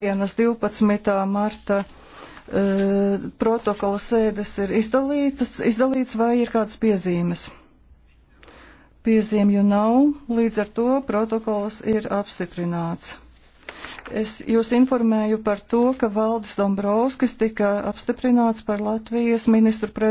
dienas 12. marta e, protokola sēdes ir izdalītas, izdalīts vai ir kādas piezīmes? Piezīmju nav, līdz ar to protokols ir apstiprināts. Es jūs informēju par to, ka Valdis Dombrovskis tika apstiprināts par Latvijas ministru prezidentu.